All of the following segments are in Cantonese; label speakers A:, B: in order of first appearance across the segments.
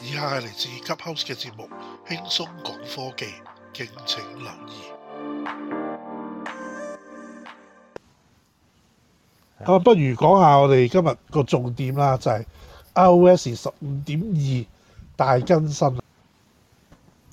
A: 以下係嚟自 Clubhouse 嘅節目，輕鬆講科技，敬請留意。咁不如講下我哋今日個重點啦，就係 iOS 十五點二大更新。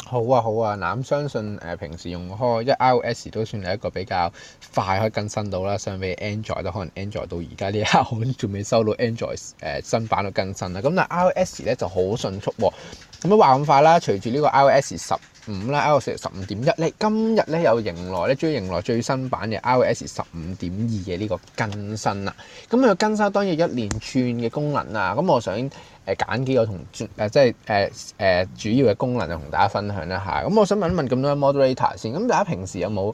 B: 好啊好啊，嗱咁相信誒平時用開一 iOS 都算係一個比較快可以更新到啦，相比 Android 都可能 Android 到而家呢一刻，我仲未收到 Android 誒新版嘅更新啦，咁但係 iOS 咧就好迅速，啊咁樣話咁快啦，隨住呢個 iOS 十五啦，iOS 十五點一，咧今日咧又迎來咧，終於迎來最新版嘅 iOS 十五點二嘅呢個更新啦。咁啊，更新當然一連串嘅功能啊。咁我想誒揀、呃、幾個同誒即係誒誒主要嘅功能，就同大家分享一下。咁我想問一問咁多 moderator 先，咁大家平時有冇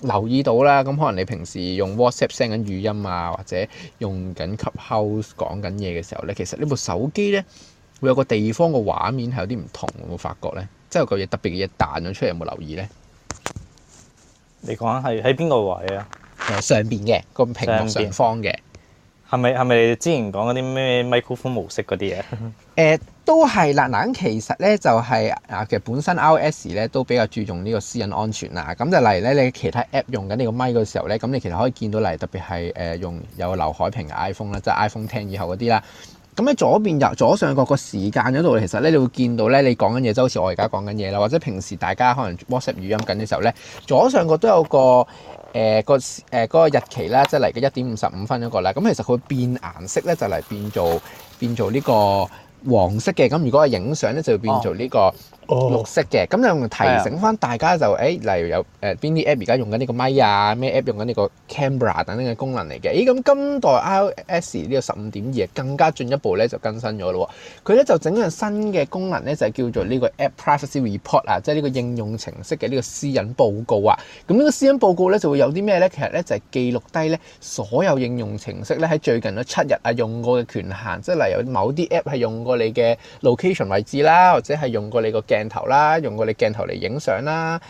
B: 留意到啦？咁可能你平時用 WhatsApp send 緊語音啊，或者用緊 Clubhouse 講緊嘢嘅時候咧，其實呢部手機咧。會有個地方，個畫面係有啲唔同，有有有，有冇發覺咧？即係有個嘢特別嘅嘢彈咗出嚟，有冇留意咧？
C: 你講係喺邊個位啊？誒上
B: 邊嘅個屏幕上方
C: 嘅，係咪係咪之前講嗰啲咩麥克風模式嗰啲啊？誒 、
B: 呃、都係啦，嗱，其實咧就係啊，其實本身 iOS 咧都比較注重呢個私隱安全啦。咁就例如咧，你其他 app 用緊呢個咪嘅時候咧，咁你其實可以見到嚟，特別係誒用有個流海屏 iPhone 啦，即係 iPhone X 以後嗰啲啦。咁喺左邊右左上角個時間嗰度，其實咧你會見到咧，你講緊嘢就好似我而家講緊嘢啦，或者平時大家可能 WhatsApp 語音緊嘅時候咧，左上角都有個誒、呃、個誒嗰、呃、個日期啦，即係嚟嘅一點五十五分嗰個啦。咁其實佢變顏色咧，就嚟、是、變做變做呢個黃色嘅。咁如果係影相咧，就會變做呢、這個。哦綠色嘅，咁就提醒翻大家就，誒、哎，例如有誒邊啲 app 而家用緊呢個咪啊，咩 app 用緊呢個 camera 等等嘅功能嚟嘅，誒、哎，咁今代 iOS 呢個十五點二更加進一步咧就更新咗咯喎，佢咧就整樣新嘅功能咧就係叫做呢個 App Privacy Report 啊，即係呢個應用程式嘅呢個私隱報告啊，咁呢個私隱報告咧就會有啲咩咧，其實咧就係記錄低咧所有應用程式咧喺最近嗰七日啊用過嘅權限，即係例如某啲 app 係用過你嘅 location 位置啦，或者係用過你個鏡頭啦，用過你鏡頭嚟影相啦，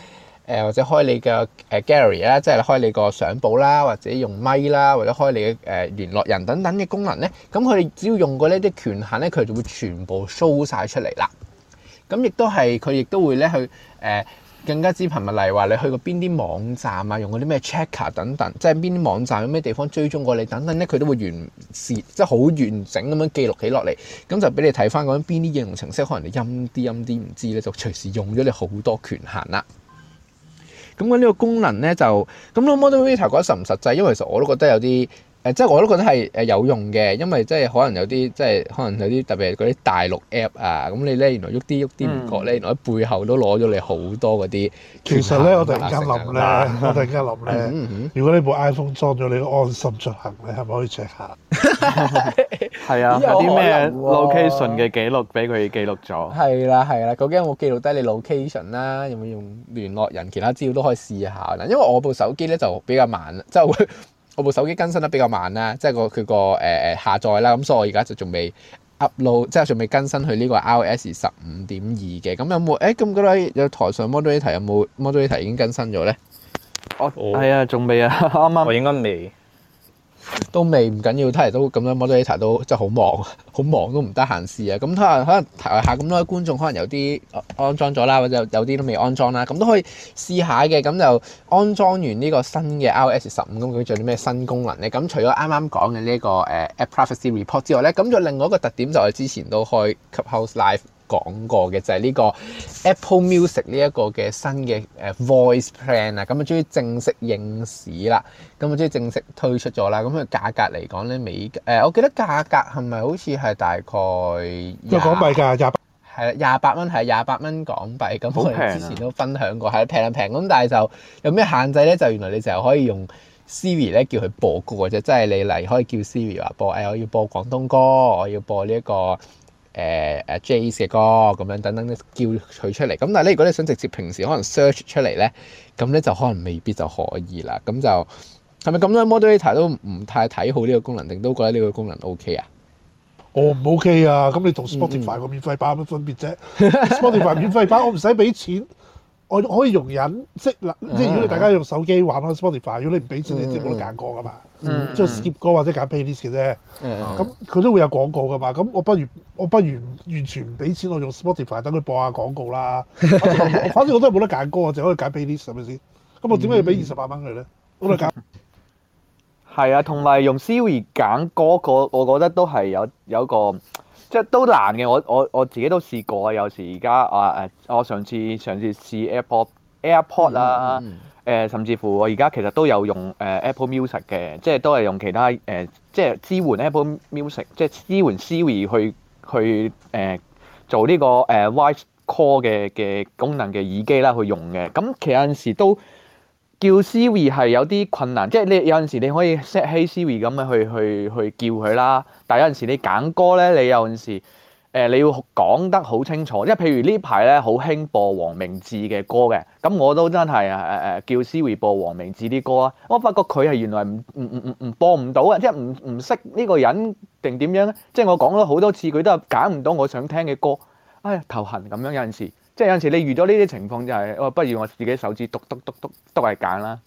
B: 誒或者開你嘅誒 gallery 啦，即係開你個相簿啦，或者用咪啦，或者開你嘅誒聯絡人等等嘅功能咧，咁佢哋只要用過呢啲權限咧，佢就會全部 show 晒出嚟啦。咁亦都係，佢亦都會咧去誒。呃更加之頻密，例如話你去過邊啲網站啊，用嗰啲咩 checker 等等，即係邊啲網站有咩地方追蹤過你等等咧，佢都會完事，即係好完整咁樣記錄起落嚟，咁就俾你睇翻嗰邊啲應用程式可能你陰啲陰啲唔知咧，就隨時用咗你好多權限啦。咁呢個功能咧就，咁到 moderator 講實唔實際，因為其實我都覺得有啲。即係我都覺得係誒有用嘅，因為即係可能有啲，即係可能有啲特別係嗰啲大陸 app 啊，咁你咧原來喐啲喐啲唔覺咧，原來喺、嗯、背後都攞咗你好多嗰啲。其實咧，我突然間諗咧， 我突然間
A: 諗咧， 如果部裝你部 iPhone 裝咗，你都安心出行你係咪
B: 可以 check 下？
D: 係 啊，有啲咩 location 嘅記錄俾佢記錄咗？
B: 係啦，係啦，究竟有冇記錄低你 location 啦、啊？有冇用聯絡人其他資料都可以試下。因為我部手機咧就比較慢，即係會。 我部手機更新得比較慢啦，即係個佢個誒誒下載啦，咁所以我而家就仲未 upload，即係仲未更新去呢個 iOS 十五點二嘅。咁有冇誒？咁覺得有台上 moderator，有冇 moderator，已經更新咗咧？
D: 我係啊，哎，仲未啊，啱啱我應該未。
B: 都未，唔緊要，睇嚟都咁多 moderator 都真係好忙，好忙都唔得閒試啊。咁睇下可能台下咁多觀眾，可能有啲安裝咗啦，或者有啲都未安裝啦，咁、嗯、都可以試下嘅。咁、嗯、就安裝完呢個新嘅 iOS 十五，咁佢做啲咩新功能咧？咁、嗯、除咗啱啱講嘅呢個誒、啊、App Privacy Report 之外咧，咁、嗯、就另外一個特點就係之前都開 Clubhouse Live。講過嘅就係、是、呢個 Apple Music 呢一個嘅新嘅誒 Voice Plan 啊，咁啊終於正式應市啦，咁啊終於正式推出咗啦。咁佢價格嚟講咧，美誒、呃，我記得價格係咪好似係大概？港幣㗎廿，係啦，廿八蚊係廿八蚊港幣。咁我哋之前都分享過，係平啊平咁，但係就有咩限制咧？就原來你就係可以用 Siri 咧叫佢播歌嘅啫，即、就、係、是、你嚟可以叫 Siri 話播誒、哎，我要播廣東歌，我要播呢、這、一個。誒誒 jazz 嘅歌咁樣等等咧，叫佢出嚟。咁但係咧，如果你想直接平時可能 search 出嚟咧，咁咧就可能未必就可以啦。咁就係咪咁樣 moderator 都唔太睇好呢個功能，定都覺得呢個功能 OK 啊？哦
A: 唔 OK 啊？咁你同 Spotify 個免費版有乜分別啫 ？Spotify 免費版我唔使俾錢，我可以容忍 即嗱，即如果你大家用手機玩開 Spotify，如果你唔俾錢，你直接冇得揀歌噶嘛。 即係 skip 歌或者揀 playlist 嘅啫，咁 佢樂、嗯嗯、都會有廣告噶嘛。咁我不如我不如完全唔俾錢，我用 Spotify 等佢播下廣告啦。 反正我都係冇得揀歌，我就係可以揀 playlist 係咪先？咁我點解要俾二十八蚊佢咧？我得揀。
D: 係啊，同埋用 Siri 揀歌個，我覺得都係有有一個，即、就、係、是、都難嘅。我我我自己都試過啊。有時而家啊誒，我上次上次試 AirPod AirPod 啦、啊。嗯嗯誒，甚至乎我而家其實都有用誒 Apple Music 嘅，即係都係用其他誒，即係支援 Apple Music，即係支援 Siri 去去誒、呃、做呢個誒 Voice Call 嘅嘅功能嘅耳機啦去用嘅。咁其實有陣時都叫 Siri 係有啲困難，即係你有陣時你可以 set Hey Siri 咁樣去去去叫佢啦，但係有陣時你揀歌咧，你有陣時。誒你要講得好清楚，即係譬如呢排咧好興播黃明志嘅歌嘅，咁我都真係誒誒誒叫 C 瑞播黃明志啲歌啊！我發覺佢係原來唔唔唔唔播唔到嘅，即係唔唔識呢個人定點樣咧？即係我講咗好多次，佢都係揀唔到我想聽嘅歌，哎呀，頭痕咁樣有陣時，即係有陣時你遇到呢啲情況就係、是，我不如我自己手指篤篤篤篤篤嚟揀啦，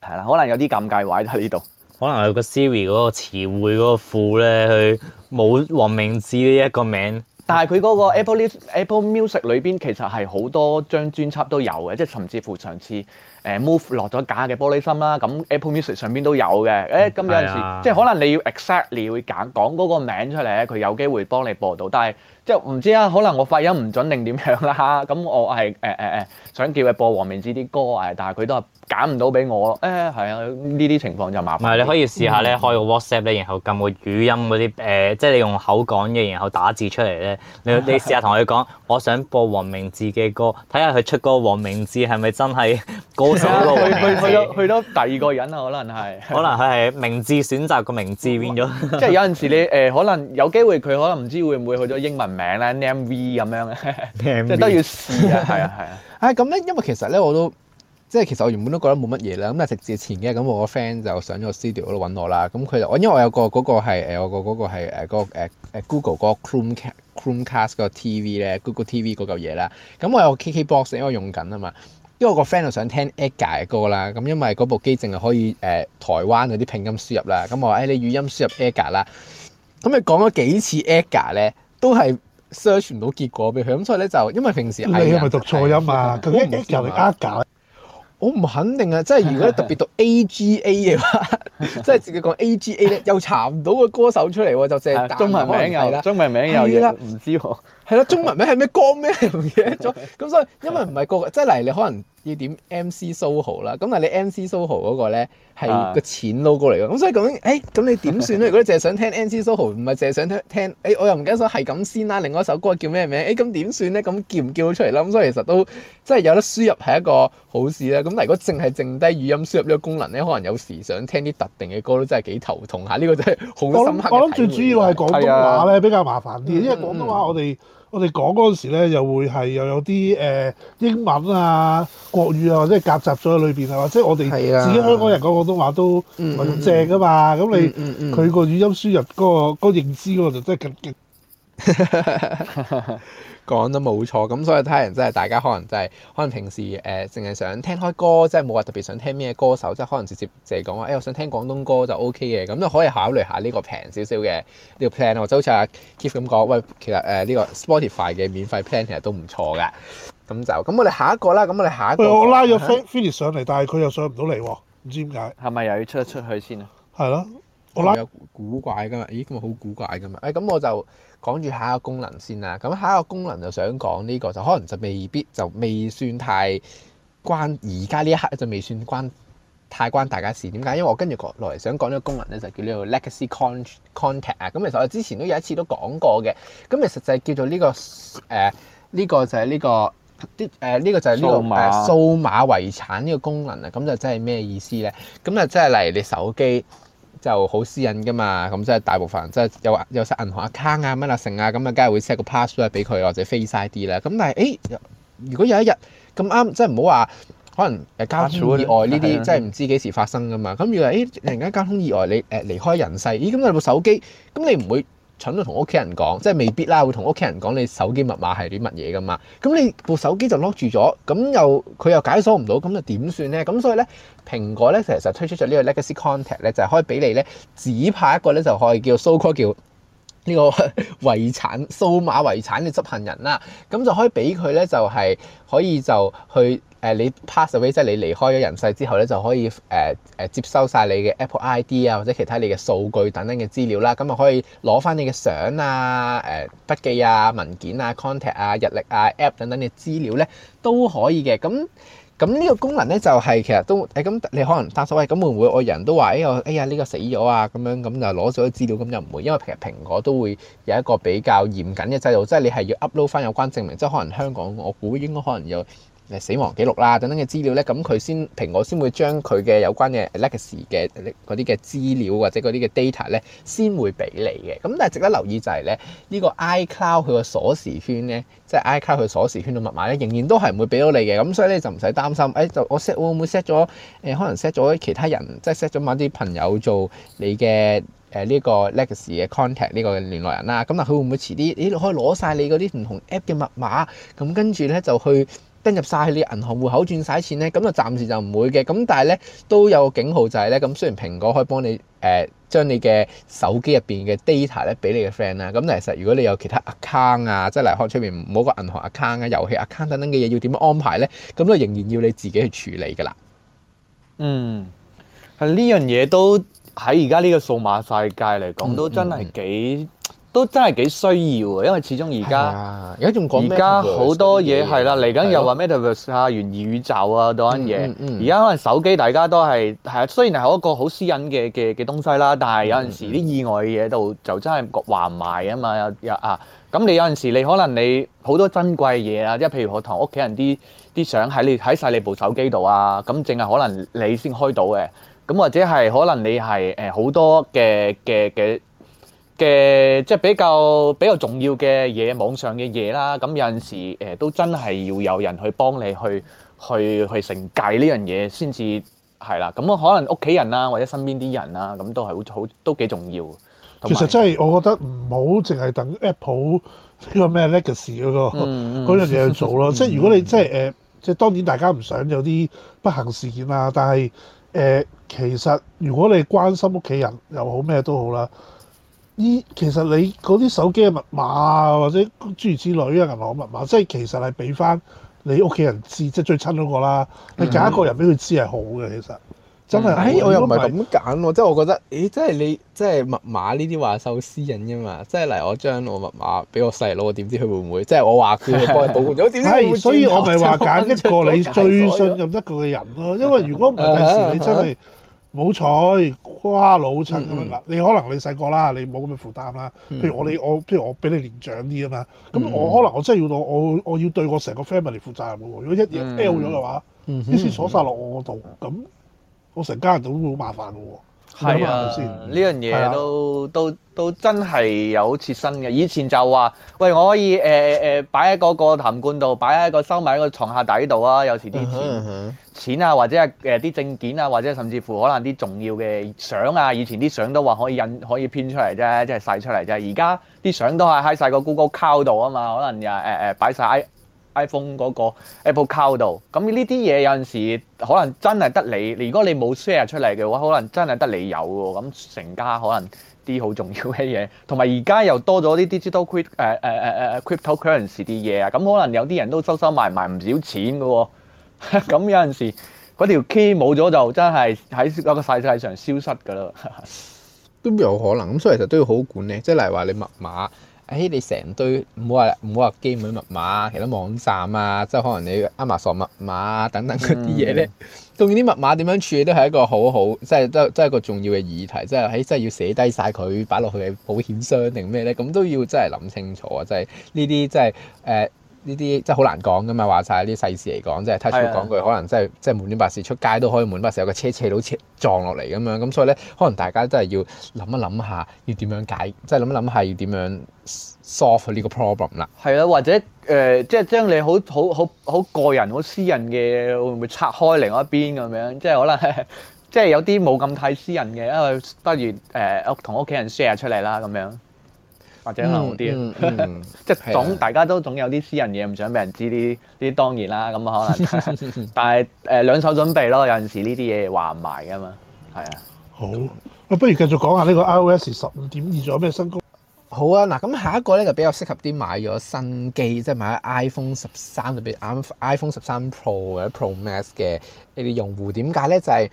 D: 係啦，可能有啲尷尬位喺呢度。
C: 可能有個 Siri 嗰個詞彙嗰個庫咧，佢冇黃明志呢一個名，但係佢嗰
D: 個 Apple Apple Music 裏邊其實係好多張專輯都有嘅，即係甚至乎上次誒、呃、Move 落咗假嘅玻璃心啦、啊，咁 Apple Music 上邊都有嘅，誒、欸、咁有陣時、啊、即係可能你要 exactly 會揀講嗰個名出嚟咧，佢有機會幫你播到，但係。即係唔知啊，可能我發音唔準定點樣啦，咁我係誒誒誒想叫佢播黃明志啲歌誒，但係佢都係揀唔到俾我，誒、哎、係啊呢啲情況就麻煩。唔、嗯、
C: 你可以試下咧，開個 WhatsApp 咧，然後撳個語音嗰啲誒，即係你用口講嘅，然後打字出嚟咧，你你試下同佢講，我想播黃明志嘅歌，睇下佢出個黃明志係咪真係歌手咯。去
D: 去咗第二個人啦，可能係， 可能佢
C: 係明志選擇個
B: 明志變咗。 即係有陣
D: 時你誒可能有機會佢可能唔知會唔會去咗英文。名啦咧，M V 咁樣咧，即 amb 都
B: 要試啦。係啊，係啊。唉，咁咧，因為其實咧，我都即係其實我原本都覺得冇乜嘢啦。咁係直至前幾日，咁我個 friend 就上咗 studio 度揾我啦。咁佢就，我因為我有個嗰個係、呃、我個嗰、呃、個係誒嗰個 Google 嗰個 Chrome Chrome Cast 嗰個 T V 咧，Google T V 嗰嚿嘢啦。咁我有個 K K Box，因為用緊啊嘛。因為我個 friend 就想聽 e l g a 嘅歌啦。咁因為嗰部機淨係可以誒、呃、台灣嗰啲拼音輸入啦。咁我話誒、哎，你語音輸入 e l g a 啦。咁你講咗幾次 e l g a 咧？都係 search 唔到結果俾佢，咁所以咧就因為平時你因為讀錯音啊，佢又係呃搞，我唔肯定啊！即係如果你特別讀 A G A 嘅話，即係自己講 A G A 咧，又查唔到個歌手出嚟喎，就淨係中文名又啦，中文名又嘢唔知喎，係啦，中文名係咩歌咩唔記得咗，咁所以因為唔係個即係嚟，你可能。要點 MC Soho 啦，咁但係你 MC Soho 嗰個咧係個錢撈過嚟嘅。咁、啊、所以究竟，誒、欸，咁你點算咧？如果你淨係想聽 MC Soho，唔係淨係想聽聽，誒、欸，我又唔記得咗係咁先啦。另外一首歌叫咩名？誒、欸，咁點算咧？咁叫唔叫得出嚟啦？咁所以其實都真係有得輸入係一個好事啦。咁但係如果淨係剩低語音輸入呢個功能咧，可能有時想聽啲特定嘅歌都真係幾頭痛下呢，這個真係好深刻，我諗最主
A: 要係廣東話咧，啊，比較麻煩啲，因為廣東話我哋。嗯我哋講嗰陣時咧，又會係又有啲誒、呃、英文啊、國語啊，或者係夾雜咗喺裏邊啊，係咪？即係我哋自己香港人講廣東話都唔係咁正㗎嘛。咁、嗯嗯嗯、你佢個、嗯嗯嗯、語音輸入嗰個嗰、那個、認知，我就真係勁極。
B: 講得冇錯，咁所以睇人真係大家可能就係、是，可能平時誒淨係想聽開歌，即係冇話特別想聽咩歌手，即係可能直接就係講話，誒、欸、我想聽廣東歌就 O K 嘅，咁都可以考慮下呢個平少少嘅呢個 plan 咯、啊，就好似阿 Kip 咁講，喂，其實誒呢、呃呢個 Spotify 嘅免費 plan 其實都唔錯㗎，咁就咁我哋下一個啦，咁我哋下一個。我拉咗
A: Felix 上嚟，啊、但係佢又上唔到嚟喎，
B: 唔知點解。係咪又要出一出去先啊？係咯。我諗有古怪㗎，咦咁咪好古怪㗎嘛？誒、哎、咁我就講住下一個功能先啦。咁下一個功能就想講呢個，就可能就未必就未算太關而家呢一刻就未算關太關大家事。點解？因為我跟住落嚟想講呢個功能咧，就叫呢個 Legacy Contact 啊、嗯。咁其實我之前都有一次都講過嘅。咁、嗯、其實就叫做呢個誒呢個就係呢個啲誒呢個就係呢個誒數碼、啊、數碼遺產呢個功能啊。咁、嗯、就真係咩意思咧？咁啊，即係例如你手機。就好私隱㗎嘛，咁即係大部分即係有有曬銀行 account 啊乜啊剩啊，咁啊梗係會 set 個 password 俾佢或者 Face ID 啲啦。咁但係誒、欸，如果有一日咁啱，即係唔好話可能誒交通意外呢啲，即係唔知幾時發生㗎嘛。咁如果，誒突然間交通意外你誒、呃、離開人世，咦咁你部手機，咁你唔會蠢到同屋企人講，即係未必啦，會同屋企人講你手機密碼係啲乜嘢㗎嘛？咁你部手機就 lock 住咗，咁又佢又解鎖唔到，咁又點算呢？咁所以呢，蘋果呢，其實就推出咗呢個 Legacy Contact 呢就係可以俾你呢，指派一個呢，就可以叫搜、so、call 叫呢、這個 遺產、數碼遺產嘅執行人啦。咁就可以俾佢呢，就係、係、可以就去。誒，你 pass away 即係你離開咗人世之後咧，就可以誒誒接收晒你嘅 Apple ID 啊，或者其他你嘅數據等等嘅資料啦。咁啊，可以攞翻你嘅相啊、誒筆記啊、文件啊、contact 啊、日曆啊、App 等等嘅資料咧，都可以嘅。咁咁呢個功能咧，就係其實都咁，你可能問，喂咁會唔會我人都話：哎呀，哎呀，呢個死咗啊咁樣，咁就攞咗啲資料，咁就唔會，因為其實蘋果都會有一個比較嚴謹嘅制度，即係你係要 upload 翻有關證明，即係可能香港我估應該可能有。死亡記錄啦，等等嘅資料咧，咁佢先蘋果先會將佢嘅有關嘅 legacy 嘅嗰啲嘅資料或者嗰啲嘅 data 咧，先會俾你嘅。咁但係值得留意就係咧，呢、這個 iCloud 佢個鎖匙圈咧，即係 iCloud 佢鎖匙圈嘅密碼咧，仍然都係唔會俾到你嘅。咁所以咧就唔使擔心，誒、哎、就我 set 會唔會 set 咗誒可能 set 咗其他人，即係 set 咗某啲朋友做你嘅誒呢個 legacy 嘅 contact 呢個聯絡人啦。咁啊佢會唔會遲啲？你可以攞晒你嗰啲唔同 app 嘅密碼，咁跟住咧就去。登入晒曬你銀行戶口轉晒錢咧，咁就暫時就唔會嘅。咁但係咧都有警號就係、是、咧，咁雖然蘋果可以幫你誒、呃、將你嘅手機入邊嘅 data 咧俾你嘅 friend 啦。咁其實如果你有其他 account 啊，即係嚟看出面某個銀行 account 啊、遊戲 account 等等嘅嘢，要點樣安排咧？咁咧仍然要你自己去處理㗎啦。嗯，
D: 係呢樣嘢都喺而家呢個數碼世界嚟講，都真係幾～、嗯嗯嗯都真係幾需要，因為始終而家而家仲而家好多嘢係啦，嚟緊又話 Metaverse 啊、元宇宙啊嗰啲嘢。而家、嗯嗯嗯、可能手機大家都係係啊，雖然係一個好私隱嘅嘅嘅東西啦，但係有陣時啲意外嘅嘢度就真係話唔埋啊嘛。又啊，咁你有陣時你可能你好多珍貴嘢啊，即係譬如我同屋企人啲啲相喺你喺曬你，你部手機度啊，咁淨係可能你先開到嘅。咁或者係可能你係誒好多嘅嘅嘅。嘅即係比較比較重要嘅嘢，網上嘅嘢啦。咁有陣時誒都真係要有人去幫你去去去承繼呢樣嘢，先至係啦。咁可能屋企人啊，或者身邊啲人啊，咁都係好好都幾重要。其實真
A: 係我覺得唔好淨係等 Apple 呢個咩 legacy 嗰個嗰樣嘢去做咯。嗯、即係如果你真係誒，即係、呃、當然大家唔想有啲不幸事件啊。但係誒、呃，其實如果你關心屋企人又好咩都好啦。依其實你嗰啲手機嘅密碼啊，或者諸如此類嘅銀行密碼，即係其實係俾翻你屋企人知，即係最親嗰個啦。你揀、嗯、一個人俾
B: 佢知係好嘅，其實
A: 真係。哎、嗯，唉我又唔係
B: 咁揀喎，因為 即係我覺得，誒、欸，即係你即係密碼呢啲話係好私隱㗎嘛。即係嚟我將我密碼俾我細佬，我點知佢會唔會？即係 我話佢幫你保管咗點，所以，我咪話揀一個你最信
A: 任得佢嘅人咯。因為如果唔係第時你真係。 冇彩，瓜佬出咁樣。你可能你細個啦，你冇咁嘅負擔啦。譬如我你、mm hmm. 我，譬如我比你年長啲啊嘛，咁我可能我真係要到，我我要對我成個 family 嚟負責任嘅喎。如果一日 l 咗嘅話，啲錢、mm hmm. 鎖曬落我度，咁我成家人都會好麻煩嘅喎。係啊，呢
D: 樣嘢都、啊、都都，都真係有切身嘅。以前就話，喂，我可以誒誒擺喺嗰個痰罐度，擺喺個收埋喺個床下底度啊。有時啲錢 錢啊，或者係誒啲證件啊，或者甚至乎可能啲重要嘅相啊，以前啲相都話可以印，可以編出嚟啫，即係晒出嚟啫。而家啲相都係喺晒個 Google Cloud 度啊嘛，可能又誒誒擺晒。呃呃呃 iPhone 嗰、那個 Apple Card 度，咁呢啲嘢有陣時可能真係得你，如果你冇 share 出嚟嘅話，可能真係得你有喎。咁成家可能啲好重要嘅嘢，同埋而家又多咗啲 digital quit 誒誒誒誒 cryptocurrency 啲嘢啊，咁可能有啲人都收收埋埋唔少錢嘅喎、哦。咁有陣時嗰
B: 條 key 冇咗就真係喺一個世界上消失㗎啦。都有可能，咁所以其實都要好管理，即係例如話你密碼。誒、哎、你成堆唔好話唔好話機尾密碼，其他網站啊，即係可能你 Amazon 密碼等等嗰啲嘢咧，當然啲密碼點樣處理都係一個好好，即係都都一個重要嘅議題，即係喺即係要寫低晒佢擺落去嘅保險箱定咩咧，咁都要真係諗清楚啊！即係呢啲即係誒。呢啲真係好難講㗎嘛，話曬啲細事嚟講，即係 touch wood 講句，是的 可能、即係、即係真係滿天白事，出街都可以滿天白事，有個車斜到車撞落嚟咁樣，咁所以咧，可能大家真係要諗一諗下，要點樣解，即係諗一諗下要點樣 solve 呢個 problem 啦。係啊，或者
D: 誒、呃，即係將你好好好好個人好私人嘅會唔會拆開另外一邊咁樣，即係可能 即係有啲冇咁太私人嘅，因為不如誒屋同屋企人 share 出嚟啦咁樣。或者可能好啲，嗯，即、嗯、係、嗯、 總的大家都總有啲私人嘢唔想俾人知啲啲當然啦，咁可能，但係誒、 呃、兩手準備咯，有陣時呢啲嘢話唔埋噶嘛，係啊。好，
B: 我不如繼續講下呢個 iOS 十五點二仲有咩新功能？好啊，嗱，咁下一個咧就比較適合啲買咗新機，即、就、係、是、買 iPhone 十三特別啱 iPhone 十三 Pro 或者 Pro Max 嘅呢啲用戶，點解咧就係、是？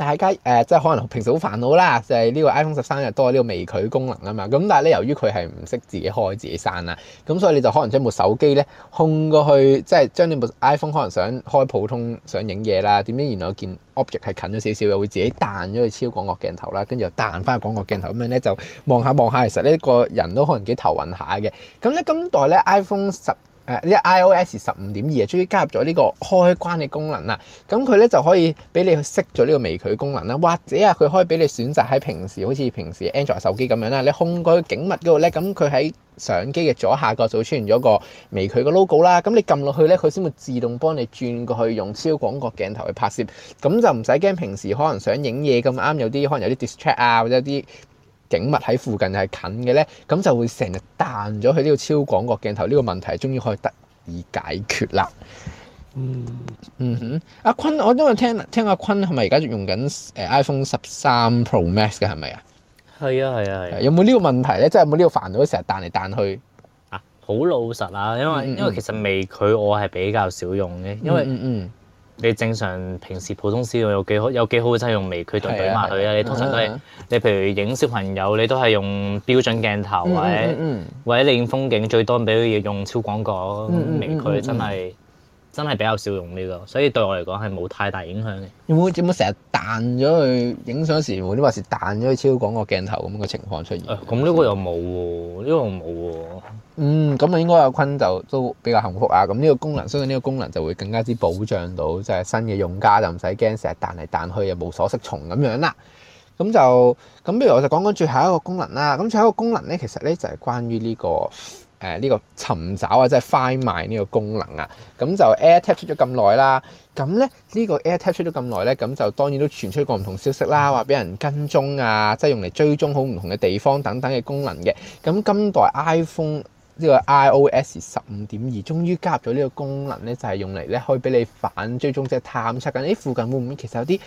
B: 但係家誒、呃，即係可能平時好煩惱啦，就係、是、呢個 iPhone 十三又多呢、呢個微距功能啊嘛。咁但係咧，由於佢係唔識自己開自己閂啦，咁所以你就可能將部手機咧控過去，即係將你部 iPhone 可能想開普通想影嘢啦，點知原來嗰件 object 係近咗少少，又會自己彈咗去超廣角鏡頭啦，跟住又彈翻去廣角鏡頭咁樣咧，就望下望下，其實呢個人都可能幾頭暈下嘅。咁咧今代咧 iPhone 十。誒 iOS 十五點二啊，2，終於加入咗呢個開關嘅功能啦。咁佢咧就可以俾你去熄咗呢個微距功能啦。或者啊，佢可以俾你選擇喺平時好似平時 Android 手機咁樣啦。你空曠景物嗰度咧，咁佢喺相機嘅左下角就會出現咗個微距嘅 logo 啦。咁你撳落去咧，佢先會自動幫你轉過去用超廣角鏡頭去拍攝。咁就唔使驚平時可能想影嘢咁啱有啲可能有啲 distraction 啊或者啲。景物喺附近係近嘅咧，咁就會成日彈咗去呢個超廣角鏡頭呢個問題，終於可以得以解決啦。嗯，嗯哼，阿坤，我因為聽聽阿坤係咪而家用緊誒 iPhone 十三 Pro Max 嘅係咪啊？係啊係啊係。有冇呢個問題咧？即係有冇呢個煩惱成日彈嚟彈去
C: 啊？好老實啊，因為嗯嗯因為其實微距我係比較少用嘅，因為嗯，嗯嗯。你正常平時普通攝影有幾好有幾好，有好真係用微距嚟懟埋佢啊！啊你通常都係你譬如影小朋友，你都係用標準鏡頭，或者、嗯嗯嗯、或者你影風景最多，畀佢用超廣角、嗯嗯嗯、微距真係。真係比較少用呢個，所以對我嚟講係冇太大影響嘅。
B: 有冇有冇成日彈咗去影相時，或者話是彈咗去超廣角鏡頭咁嘅情況出現？誒，咁呢個又冇喎，呢個冇喎。嗯，咁啊應該阿坤就都比較幸福啊。咁呢個功能，所以呢個功能就會更加之保障到，即係新嘅用家就唔使驚成日彈嚟彈去又無所適從咁樣啦。咁就咁，不如我就講講最後一個功能啦。咁最後一個功能咧，其實咧就係關於呢個。誒呢個尋找啊，即係 find my 呢個功能啊，咁就 AirTag 出咗咁耐啦，咁咧呢個 AirTag 出咗咁耐咧，咁就當然都傳出過唔同消息啦，話俾人跟蹤啊，即係用嚟追蹤好唔同嘅地方等等嘅功能嘅，咁今代 iPhone。呢個 iOS 十五點二終於加入咗呢個功能咧，就係、是、用嚟咧可以俾你反追蹤，即係探測緊啲附近會唔會其實有啲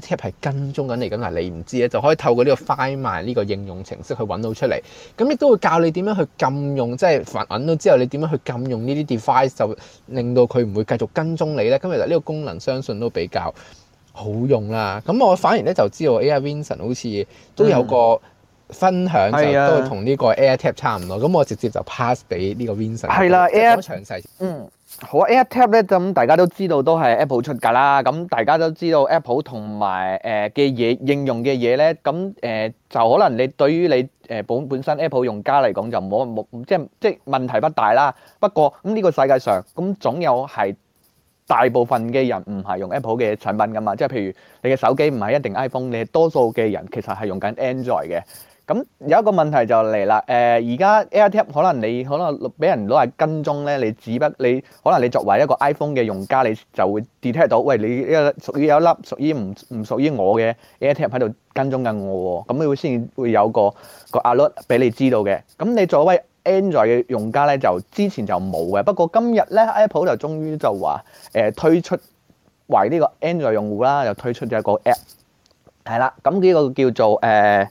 B: AirTap 係跟蹤緊你咁啊，你唔知咧，就可以透過呢個 Find My 呢個應用程式去揾到出嚟。咁亦都會教你點樣去禁用，即係揾到之後你點樣去禁用呢啲 device，就令到佢唔會繼續跟蹤你咧。咁其實呢個功能相信都比較好用啦。咁我反而咧就知道 AirVision、嗯、好似都有個。分享就都同呢個 AirTag 差唔多，咁我直接就 pass 俾呢個 Vincent。係啦，AirTag 嗯
D: 好啊，AirTag 咧咁大家都知道都係 Apple 出㗎啦。咁大家都知道 Apple 同埋誒嘅嘢應用嘅嘢咧，咁誒就可能你對於你誒本本身 Apple 用家嚟講就冇冇即係即係問題不大啦。不過咁呢個世界上咁總有係大部分嘅人唔係用 Apple 嘅產品㗎嘛。即係譬如你嘅手機唔係一定 iPhone，你係多數嘅人其實係用緊 Android 嘅。咁有一個問題就嚟啦，誒、呃、而家 AirTag 可能你可能俾人攞嚟跟蹤咧，你只不你可能你作為一個 iPhone 嘅用家，你就會 detect 到，喂，你一屬於有一粒屬於唔唔屬於我嘅 AirTag 喺度跟蹤緊我喎、哦，咁佢先會有個個 alert 俾你知道嘅。咁、嗯、你作為 Android 嘅用家咧，就之前就冇嘅，不過今日咧 Apple 就終於就話誒、呃、推出為呢個 Android 用戶啦，又推出咗一個 app 係啦，咁呢個叫做誒。呃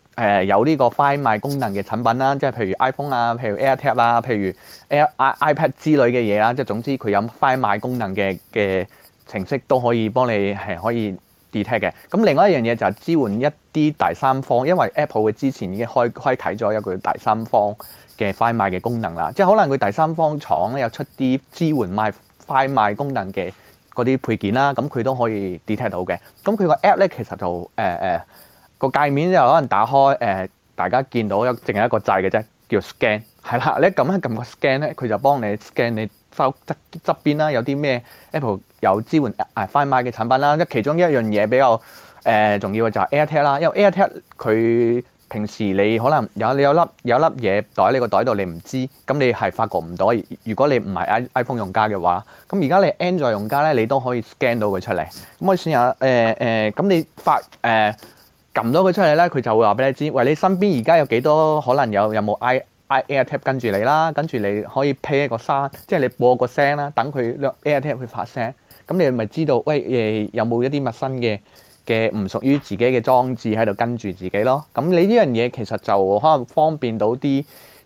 D: 誒有呢個快賣功能嘅產品啦，即係譬如 iPhone 啊，譬如 AirTag 啦，譬如 iPad 之類嘅嘢啦，即係總之佢有快賣功能嘅嘅程式都可以幫你係可以 detect 嘅。咁另外一樣嘢就係支援一啲第三方，因為 Apple 佢之前已經開開啓咗一個第三方嘅快賣嘅功能啦，即係可能佢第三方廠咧有出啲支援賣快賣功能嘅嗰啲配件啦，咁佢都可以 detect 到嘅。咁佢個 App 咧其實就誒誒。呃呃個界面之後可能打開，誒、呃，大家見到有淨係一個掣嘅啫，叫 scan，係啦。你撳一撳個 scan 咧，佢就幫你 scan 你側側側邊啦，有啲咩 Apple 有支援誒、啊、Find My 嘅產品啦。其中一樣嘢比較誒、呃、重要嘅就係 AirTag 啦，因為 AirTag 佢平時你可能有你有粒有粒嘢袋喺你個袋度，你唔知，咁你係發覺唔到。如果你唔係 iPhone 用家嘅話，咁而家你 Android 用家咧，你都可以 scan 到佢出嚟。咁我試下誒誒，咁、呃呃、你發誒。呃撳到佢出嚟咧，佢就會話俾你知，喂，你身邊而家有幾多可能有有冇 AirTag 跟住你啦，跟住你可以 pay 一個山，即係你播個聲啦，等佢 AirTag 去發聲，咁你咪知道，喂，呃、有冇一啲陌生嘅嘅唔屬於自己嘅裝置喺度跟住自己咯。咁你呢樣嘢其實就可能方便到啲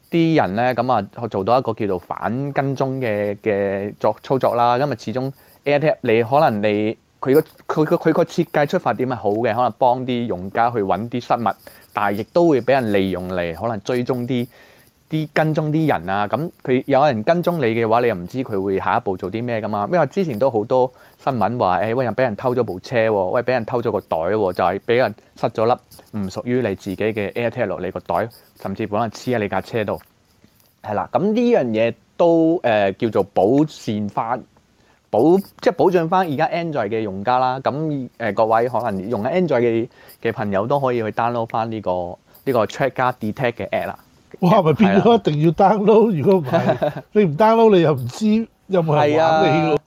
D: 啲人咧，咁啊做到一個叫做反跟蹤嘅嘅作操作啦。咁啊，因為始終 AirTag 你可能你。佢個佢個佢個設計出發點係好嘅，可能幫啲用家去揾啲失物，但係亦都會俾人利用嚟，可能追蹤啲啲跟蹤啲人啊。咁佢有人跟蹤你嘅話，你又唔知佢會下一步做啲咩㗎嘛？因為之前都好多新聞話，誒喂，又俾人偷咗部車喎，喂，俾人，人偷咗個袋喎，就係、是、俾人塞咗粒唔屬於你自己嘅 AirTag 落你個袋，甚至可能黐喺你架車度，係啦。咁呢樣嘢都誒、呃、叫做保線翻，保即係保障翻而家 Android 嘅用家啦，咁誒各位可能用 Android 嘅嘅朋友都可以去 download 翻呢個呢個 Tracker Detect 嘅 App 啦。
A: 哇，咪變咗一定要 download？如果唔係你唔 download，你又唔知有冇人玩你喎。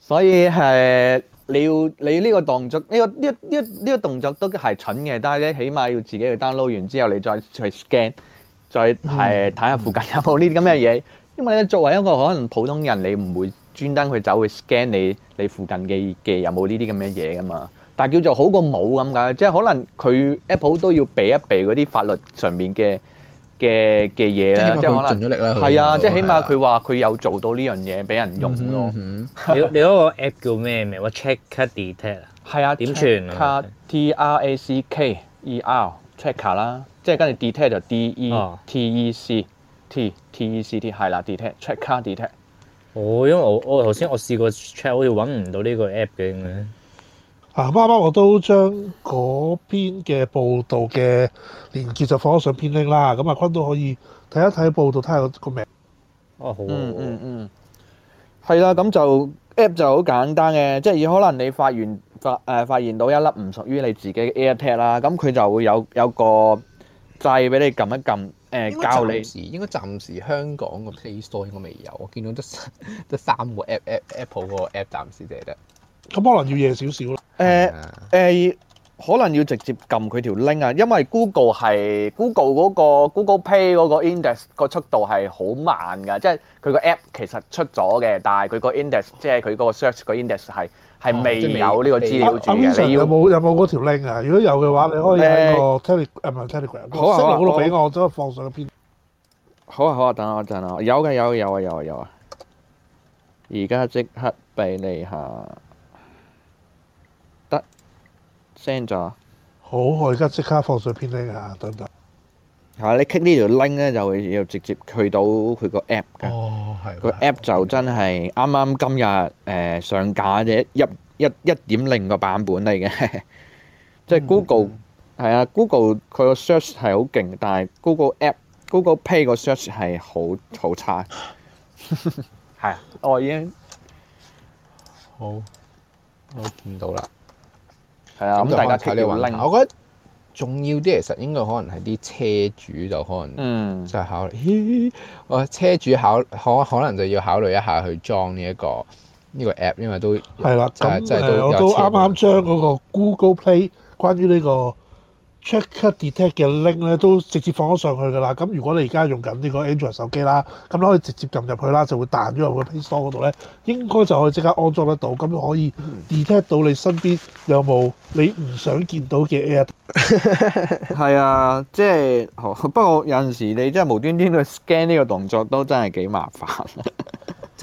D: 所以誒，你要你呢個動作，呢個呢個呢個呢個動作都係蠢嘅，但係咧，起碼要自己去 download 完之後，你再去 scan，再係睇下附近有冇呢啲咁嘅嘢。因為咧，作為一個可能普通人，你唔會。專登佢走去 scan 你你附近嘅嘅有冇呢啲咁嘅嘢噶嘛？但係叫做好過冇咁解，即係可能佢 Apple 都要避一避嗰啲法律上面嘅嘅嘅嘢啦。即係可能盡咗力啦。係、e、啊，即係起碼佢話佢有做到呢樣嘢俾人用咯。
B: 你
D: 你嗰個 app 叫咩名？我 check card detail 係啊。點存啊 t r a、oh. e、c k e r check card 啦，即係跟住 detail 就 d e
C: t e c t t e c t 係啦，detail check card detail。哦，oh, 因為我我頭先我試過 check，好似揾唔到呢個 app 嘅。
A: 啊，啱啱，我都將嗰邊嘅報道嘅連結就放咗上編拎啦。咁啊，坤都可以睇一睇報道，睇下個名。
C: 哦，好。嗯嗯嗯。
A: 係、
D: 嗯、啦，咁就 app 就好簡單嘅，即係可能你發完發誒、呃、發現到一粒唔屬於你自己嘅 AirTag 啦，咁佢就會有有個掣俾你撳一撳。誒教你，
B: 應該暫時香港個 Play Store 應該未有，我見到得得三個 App App Apple 個 App 暫時淨係得。
A: 咁可能要夜少少咯。誒誒、欸欸，
D: 可能要直接撳佢條 link 啊，因為 Go Google 係、嗰個、Google 嗰個 Google Play 嗰個 index 個速度係好慢㗎，即係佢個 App 其實出咗嘅，但係佢個 index 即係佢嗰個 search 個 index 係。係未有呢個資料嘅，你有冇
A: 有冇嗰條 link 啊？如果有嘅話，你可以喺個 Telegram，誒唔係 Telegram 俾我你，即刻放上個片。
D: 好啊，好啊，好，啊好啊，等我陣啊，有嘅有嘅有啊有啊有啊，而家即刻俾你下，得 send 咗。
A: 好，我而家即刻放上片 link 啊，等等。
D: 嚇！你 click 呢條 link 咧，就會要直接去到佢個 app 㗎。哦，係。個 app 就真係啱啱今日誒上架嘅一一一點零個版本嚟嘅。即係 Google 係啊，Google 佢個 search 係好勁，但係 Google App、Google Pay 個 search 係好好差。係啊，我已經
B: 好，我見到啦。係啊，咁大家睇你揾 link。我覺得。重要啲其實應該可能係啲車主就可能就考慮，我、嗯、 車主考可可能就要考慮一下去裝呢、這、一個呢、這個 app，因為都係啦。就誒，我都啱
A: 啱將嗰個 Google Play 關於呢、這個。Check out detect 嘅 link 咧都直接放咗上去噶啦，咁如果你而家用緊呢個 Android 手機啦，咁你可以直接撳入去啦，就會彈咗入去 Play Store 嗰度咧，應該就可以即刻安裝得到，咁就可以 detect 到你身邊有冇你唔想見到嘅 app。
D: 係啊，即係，不過有陣時你真係無端端去 scan 呢個動作都真係幾麻煩。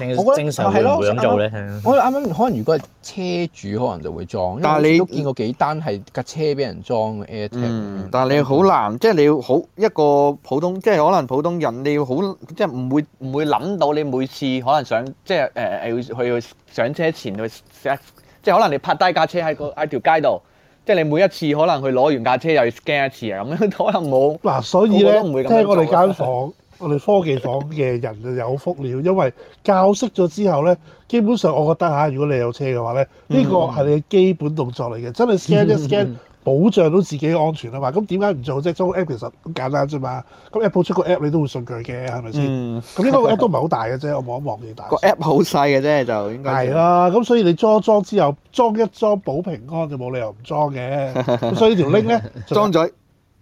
B: 正常得精唔會咁做咧。我啱啱可能如果係車主，可能就會裝。但係你見過幾單係架車俾人裝 AirTag、嗯、但係你好難，嗯、即係你要好一個普通，即係
D: 可能普通人你要好，即係唔會唔會諗到你每次可能想即係誒誒去去上車前去 scan 即係可能你泊低架車喺個喺條街度，嗯、即係你每一次可能去攞完架車又要 scan 一次啊咁
A: 樣都可能冇。嗱，所以咧，即係我哋間房。 我哋科技房嘅人就有福了，因為教識咗之後咧，基本上我覺得嚇、啊，如果你有車嘅話咧，呢、這個係你嘅基本動作嚟嘅，嗯、真係 scan 一 scan，嗯、保障到自己嘅安全啊嘛。咁點解唔做啫？裝 app 其實咁簡單啫嘛。咁 Apple 出個 app 你都會信佢嘅，係咪先？咁呢、嗯、個 app 都唔係好大嘅啫，我望一望幾大。個 app 好
D: 細嘅啫，就應該係啦。
A: 咁、啊、所以你裝一裝之後，裝一裝保平安就冇理由唔裝嘅。咁 所以條 link 咧
D: 裝咗，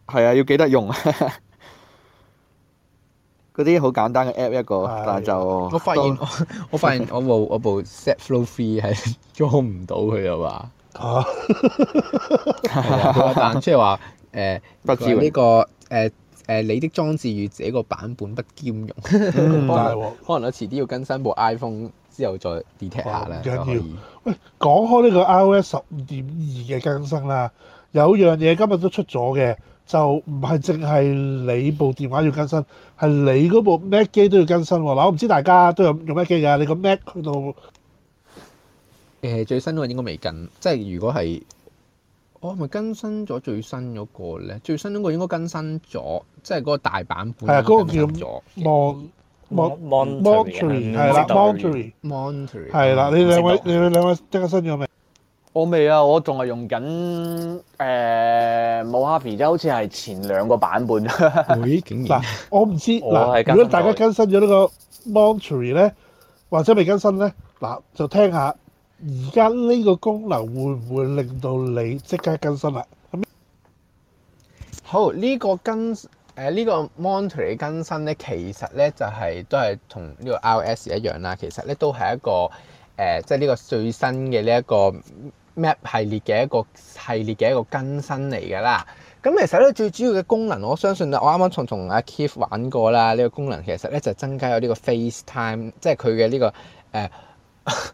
D: 係啊，要記得用。 嗰啲好簡單嘅 app 一個，哦，但就我發現我發現我冇我
B: 部 set flow free 係裝唔到佢啊嘛
C: 嚇， 但即係話
B: 誒呢個誒誒、呃呃、你的裝置與這個版本不兼容，可能我遲啲要更新部 iPhone 之後再 detect 下咧
A: 就可以。喂，講開呢個 iOS 十五點二嘅更新啦，有樣嘢今日都出咗嘅。就唔係淨係你部電話要更新，係你部 Mac 機都要更新。嗱，我唔知大家都有用 Mac 機㗎。你個 Mac 去到
B: 誒最新嗰個應該未更，即係如果係我係咪更新咗最新嗰個咧？最新嗰個應該更新咗，即係嗰個大版本。係啊，嗰、嗰個
A: 叫 Mont Monterey 係啦，Monterey 係啦。你兩位，你兩位更新咗未？
D: 我未啊，我仲係用緊誒，冇 Happy 啫，好似係前兩個版本。咦、 哎？竟然我
A: 唔知。嗱， 如果大家更新咗呢個 Monterey 咧，或者未更新咧，嗱，就聽下而家呢個功能會唔會令到你即刻更
B: 新啊？好，呢、呢個更誒呢個 Monterey 更新咧，其實咧就係、係、都係同呢個 iOS 一樣啦。其實咧都係一個誒，即係呢個最新嘅呢一個。呃就是 Map 系列嘅一個系列嘅一個更新嚟㗎啦，咁其實咧最主要嘅功能，我相信我啱啱從從阿 Keith 玩過啦，呢、呢個功能其實咧就係、增加咗呢個 FaceTime，即係佢嘅呢個誒。呃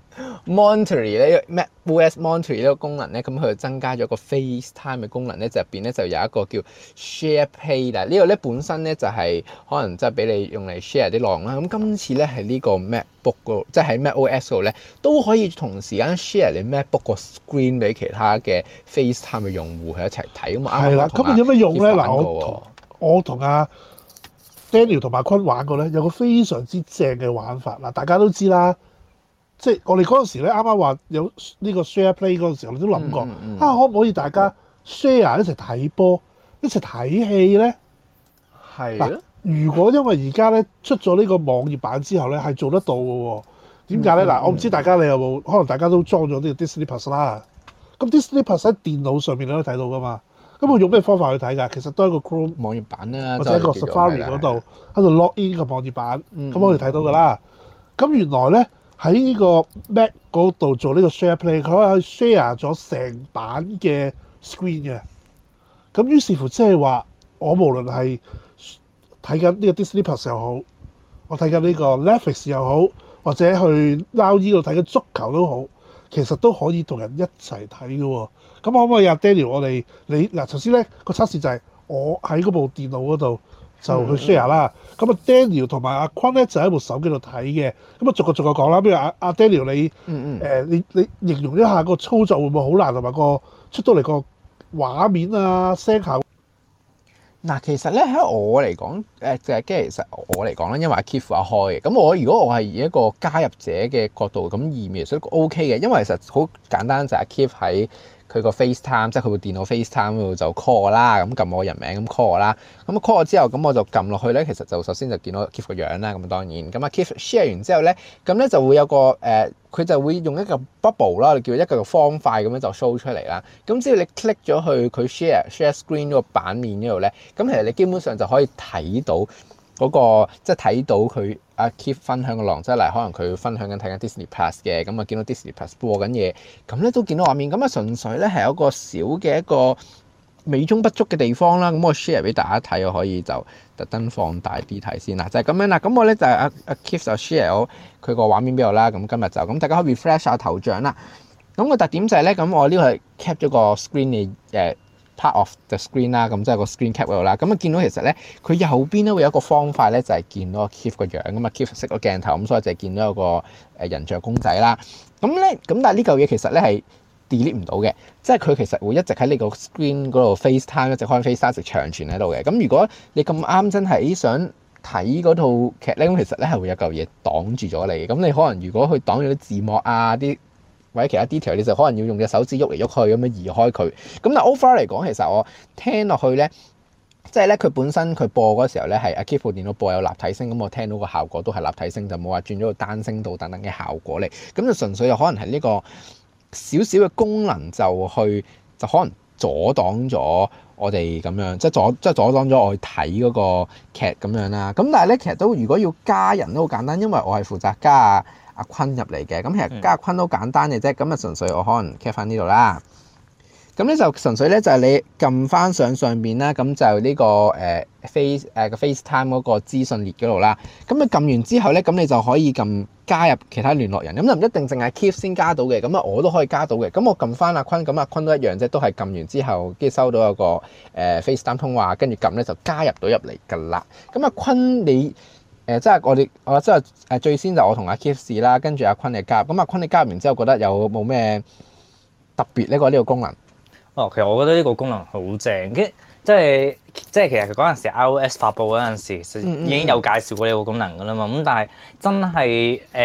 B: Monterey 呢 MacOS Monterey 呢個功能咧，咁佢增加咗個 FaceTime 嘅功能咧，就入邊咧就有一個叫 SharePlay 啦。呢個咧本身咧就係、是、可能即係俾你用嚟 share 啲浪啦。咁今次咧係呢個 MacBook 嗰 Mac，即係喺 MacOS 度咧都可以同時間 share 你 MacBook 個 screen 俾其他嘅 FaceTime 嘅用戶去一齊睇啊嘛。係啦，咁有乜用咧？嗱過，
A: 我同阿 Daniel 同阿坤玩過咧，有個非常之正嘅玩法。嗱，大家都知啦。即係我哋嗰陣時咧，啱啱話有呢個 share play 嗰陣時，我哋都諗過，啊可唔可以大家 share 一齊睇波、一齊睇戲咧？係，如果因為而家咧出咗呢個網頁版之後咧，係做得到嘅喎。點解咧？嗱，我唔知大家你有冇，可能大家都裝咗呢個 Disney+ 啦。咁 Disney+ 喺電腦上面你可以睇到噶嘛。咁我用咩方法去睇㗎？其實都係個 Chrome 網頁版啦，或者一個 Safari 嗰度喺度 log in 個網頁版，咁我哋睇到㗎啦。咁原來咧～喺呢個 Mac 嗰度做呢個 Share Play，佢可以 share 咗成版嘅 screen 嘅。咁於是乎即係話，我無論係睇緊呢個 Disney Plus 又好，我睇緊呢個 Netflix 又好，或者去 Now 依度睇緊足球都好，其實都可以同人一齊睇嘅。咁可唔可以阿 Daniel，我哋你嗱，頭先咧個測試就係我喺嗰部電腦嗰度。就去 share 啦。咁啊、嗯嗯、，Daniel 同埋阿坤咧就喺部手機度睇嘅。咁啊，逐個逐個講啦。比如阿阿 Daniel，你誒、嗯嗯欸、你你形容一下個操作會唔會好難，同埋個出到嚟個畫面啊、聲效。
B: 嗱，其實咧喺我嚟講，誒就係其實我嚟講啦，因為阿 Keith 啊開嘅。咁我如果我係一個加入者嘅角度，咁意味所以 O K 嘅。因為其實好簡單，就阿 Keith 喺。佢個 FaceTime 即係佢部電腦 FaceTime 嗰度就 call 我啦，咁撳我人名咁 call 我啦。咁 call 我之後，咁我就撳落去咧。其實就首先就見到 Keith 個樣啦。咁當然，咁啊 Keith share 完之後咧，咁咧就會有個誒，佢、呃、就會用一個 bubble 啦，叫一個方塊咁樣就 show 出嚟啦。咁只要你 click 咗去佢 share share screen 嗰個版面呢度咧，咁其實你基本上就可以睇到嗰、嗰個即係睇到佢。阿 Keep 分享個浪即係，可能佢分享緊睇緊 Disney Plus 嘅，咁啊見到 Disney Plus 播緊嘢，咁、嗯、咧都見到畫面，咁、嗯、啊純粹咧係一個小嘅一個美中不足嘅地方啦，咁、嗯、我 share 俾大家睇，我可以就特登放大啲睇先啦，就係、是、咁樣啦，咁、嗯、我咧就阿阿 Keep 就 share 佢個畫面俾我啦，咁、嗯、今日就咁、嗯、大家可以 refresh 下頭像啦，咁、嗯、那個特點就係咧，咁、嗯、我呢個係 cap 咗個 screen 嘅誒。part of the screen 啦，咁即係個 screen cap 嗰度啦，咁啊見到其實咧，佢右邊咧會有一個方塊咧，就係見到阿 Kev 個樣咁啊，Kev 熄個鏡頭，咁所以就見到有個誒人像公仔啦。咁咧，咁但係呢嚿嘢其實咧係 delete 唔到嘅，即係佢其實會一直喺你個 screen 嗰度 FaceTime 一直開 FaceTime 一直長存喺度嘅。咁如果你咁啱真係想睇嗰套劇咧，咁其實咧係會有嚿嘢擋住咗你。咁你可能如果佢擋咗啲字幕啊啲。或者其他 detail，你就可能要用隻手指喐嚟喐去咁樣移開佢。咁但 offer 嚟講，其實我聽落去咧，即係咧佢本身佢播嗰時候咧係阿 keyboard 電腦播有立體聲，咁我聽到個效果都係立體聲，就冇話轉咗個單聲道等等嘅效果嚟。咁就純粹就可能係呢個少少嘅功能就去，就可能阻擋咗我哋咁樣，即係阻即係阻擋咗我去睇嗰個劇咁樣啦。咁但係咧，其實都如果要加人都好簡單，因為我係負責加。阿坤入嚟嘅，咁其實加阿坤都簡單嘅啫，咁啊純粹我可能 cap 翻呢度啦。咁咧就純粹咧就係你撳翻上上面啦，咁就呢、這個誒、呃、Face 誒、呃、個 FaceTime 嗰個資訊列嗰度啦。咁你撳完之後咧，咁你就可以撳加入其他聯絡人。咁就唔一定淨係 keep 先加到嘅，咁啊我都可以加到嘅。咁我撳翻阿坤，咁阿坤都一樣啫，都係撳完之後跟住收到一個誒、呃、FaceTime 通話，跟住撳咧就加入到入嚟㗎啦。咁阿坤你。誒，即係我哋，我即係誒，最先就我同阿 Kiss 試啦，跟住阿坤你加入。咁阿坤你加入完之後，覺得有冇咩特別呢個呢個功能？
C: 哦，其實我覺得呢個功能好正，跟即係即係其實嗰陣時 iOS 發布嗰陣時，已經有介紹過呢個功能㗎喇嘛。咁但係真係誒、呃，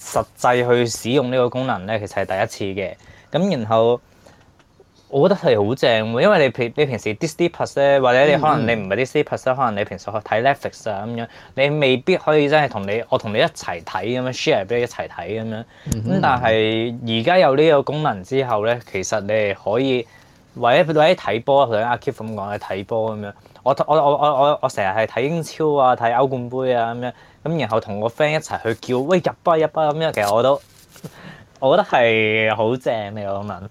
C: 實際去使用呢個功能咧，其實係第一次嘅。咁然後。我覺得係好正，因為你平你平時 Disney Plus 咧，或者你可能你唔係 Disney Plus 咧，可能你平時去睇 Netflix 啊咁樣，你未必可以真係同你我同你一齊睇咁樣 share 俾你一齊睇咁樣。咁但係而家有呢個功能之後咧，其實你係可以或者或者睇波，同阿 Kip 咁講係睇波咁樣。我我我我我我成日係睇英超啊，睇歐冠杯啊咁樣，咁然後同個 friend 一齊去叫喂入波入波咁樣，樣，其實我都我覺得係好正嘅功能。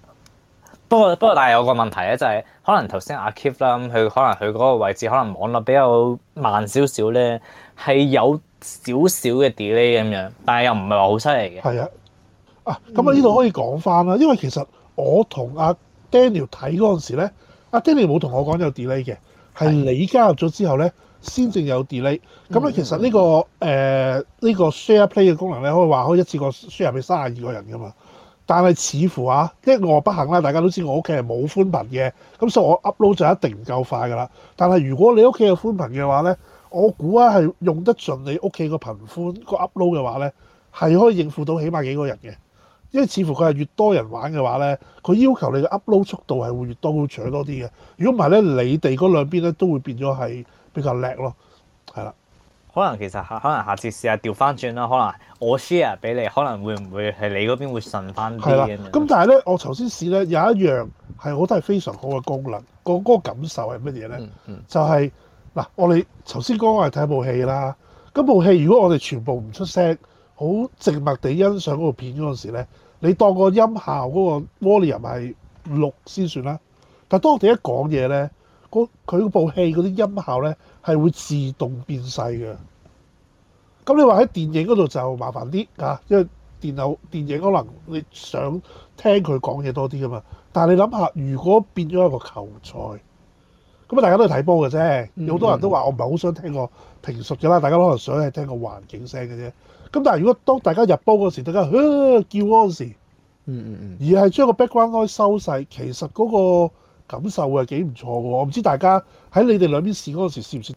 C: 不過不過，但係有個問題咧，就係、是、可能頭先阿 Keep 啦，咁佢可能佢嗰個位置可能網絡比較慢少少咧，係有少少嘅 delay 咁樣，但係又唔係話好犀利嘅。係啊，
A: 啊咁啊，呢度可以講翻啦，嗯、因為其實我同阿 Daniel 睇嗰陣時咧，阿、嗯啊、Daniel 冇同我講有 delay 嘅，係、啊、你加入咗之後咧先正有 delay。咁咧、嗯、其實呢、呢個誒呢、呃呢個 share play 嘅功能咧，可以話可以一次過 share 俾三十二個人㗎嘛。但係似乎啊，因為我不幸啦，大家都知我屋企係冇寬頻嘅，咁所以我 upload 就一定唔夠快㗎喇。但係如果你屋企有寬頻嘅話呢，我估啊係用得盡你屋企個頻寬個 upload 嘅話呢，係可以應付到起碼幾個人嘅。因為似乎佢係越多人玩嘅話呢，佢要求你嘅 upload 速度係會越多會搶多啲嘅。如果唔係呢，你哋嗰兩邊呢都會變咗係比較叻咯。
C: 可能其實下可能下次試下調翻轉啦。可能我 share 俾你，可能會唔會係你嗰邊會順翻啲？係啦。咁
A: 但係咧，我頭先試咧有一樣係我覺得係非常好嘅功能。個、那、嗰個感受係乜嘢咧？嗯嗯、就係、是、嗱，我哋頭先剛剛係睇部戲啦。咁部戲如果我哋全部唔出聲，好靜默地欣賞嗰部片嗰陣時咧，你當個音效嗰個 volume 係六先算啦。但係當我哋一講嘢咧，佢部戲嗰啲音效咧。係會自動變細嘅。咁你話喺電影嗰度就麻煩啲吓，因為電腦電影可能你想聽佢講嘢多啲噶嘛。但係你諗下，如果變咗一個球賽，咁啊大家都係睇波嘅啫。嗯嗯嗯、好多人都話我唔係好想聽個評述嘅啦，大家可能想係聽個環境聲嘅啫。咁但係如果當大家入波嗰時，大家呵叫嗰陣時，嗯嗯嗯，而係將個 background 開收細，其實嗰、嗰個。感受係幾唔錯喎，我唔知大家喺你哋兩邊試嗰陣時試唔試？